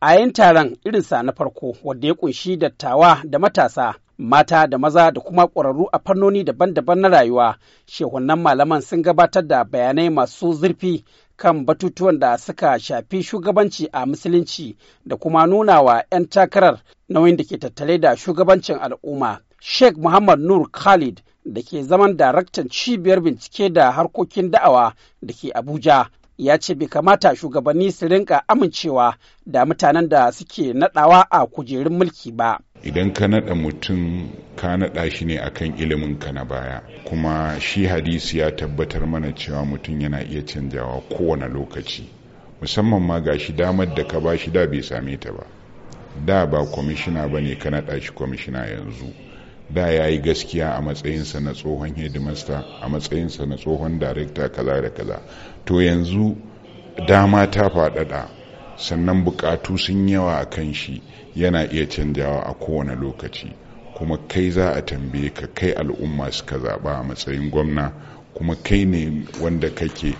A yin taron irinsa na farko wadda ya kunshi dattawa da matasa, mata da maza da kuma ƙwararru a fannoni daban-daban na rayuwa, shehunan malaman sun gabatar da bayanai masu zurfi kan batutuwan da suka shafi shugabanci a musulunci da kuma nuna wa 'yan takarar nauyin da ke tattale da shugabancin al'umma. Sheikh Muhammad Nur Khalid da ke zaman daraktan cibiyar bincike da harkokin da'awa da ke Abuja ya ce bai kamata shugabanni su rinka amincewa da mutanen da suke nadawa a kujerun mulki ba. Idan ka nada mutum ka nada shi ne akan ilimin ka na baya kuma shi hadisi ya tabbatar mana cewa mutum yana iya canjawa kowane lokaci musamman ma ga shi damar da ka ba shi da bai same ta ba da ba kwamishina ba ne ka nada shi kwamishina yanzu da ya yi gaskiya a matsayinsa na tsohon hedimasta a matsayinsa na tsohon darekta kaza da kaza to yanzu dama ta faɗaɗa sannan buƙatu sun yawa a kan shi yana iya canjawa a kowane lokaci kuma kai za a tambaye ka kai al'umma suka zaɓa a matsayin gwamna kuma kai ne wanda kake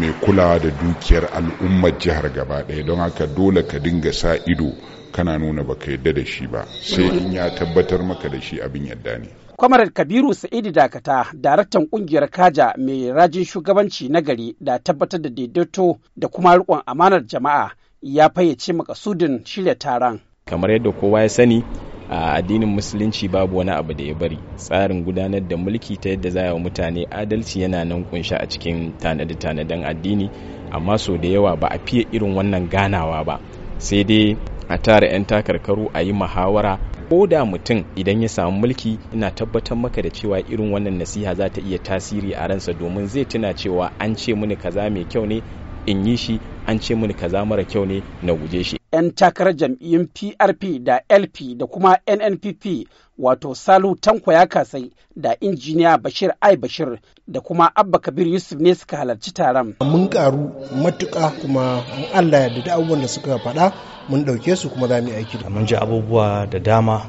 mai kulawa da dukiyar al'ummar jihar gaba ɗaya don haka dole ka dinga sa ido kana nuna baka yadda da shi ba sai in ya tabbatar maka da shi abin yadda ne. Kwamarar Kabiru Sa'idu Dakata, daraktan kungiyar Kaja mai rajin shugabanci na gari da tabbatar da daidaito da kuma riƙon amanar jama'a ya fayyace makasudin shirya taron. Kamar yadda kowa ya sani, a addinin musulunci babu wani abu da ya bari tsarin gudanar da mulki ta yadda za wa mutane adalci yana nan kunshi a cikin tanade-tanaden addini amma sau da yawa ba a fiye irin wannan ganawa ba sai dai a tara 'yan takarkaru a yi muhawara ko da mutum idan ya samu mulki ina tabbatar maka da cewa irin wannan nasiha za ta iya tasiri a ransa domin zai tuna cewa an ce mini kaza mai kyau ne in yi shi an ce mini kaza mara kyau ne na guje shi 'yan takarar jam'iyyun PRP da LP da kuma NNPP wato Salu Tanko ya kasai da injiniya Bashir Ai Bashir da kuma Abba Kabir Yusuf ne suka halarci taron. Mun karu matuka kuma Allah ya da abubuwan da suka faɗa mun ɗauke su kuma za mu yi aiki. Mun ji abubuwa da dama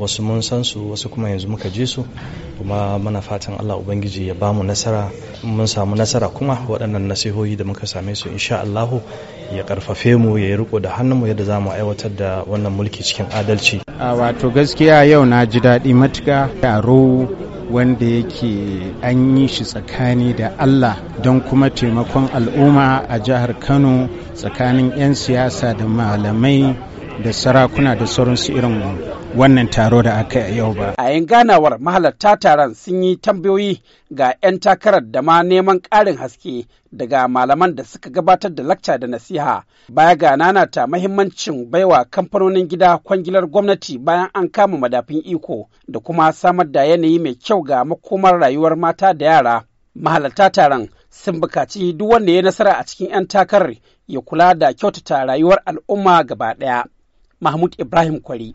wasu mun san su wasu kuma yanzu muka je su kuma mana fatan Allah ubangiji ya bamu nasara mun samu nasara kuma waɗannan nasihohi da muka same su insha Allahu ya karfafe mu ya riko da hannunmu yadda za aiwatar da wannan mulki cikin adalci a wato gaskiya yau na ji daɗi matuka yaro wanda yake an yi shi tsakani da Allah don kuma taimakon al'umma a jihar Kano tsakanin 'yan siyasa da malamai da sarakuna da sauransu irin wannan taro da aka yi yau ba. A yin ganawar mahalarta taron sun yi tambayoyi ga 'yan takarar da ma neman ƙarin haske daga malaman da suka gabatar da lacca da nasiha baya ga ta mahimmancin baiwa kamfanonin gida kwangilar gwamnati bayan an kama madafin iko da kuma samar da yanayi mai kyau ga makomar rayuwar mata da yara. Mahalarta taron sun bukaci duk wanda ya nasara a cikin 'yan takarar ya kula da kyautata rayuwar al'umma gaba ɗaya. Mahmud Ibrahim Kwari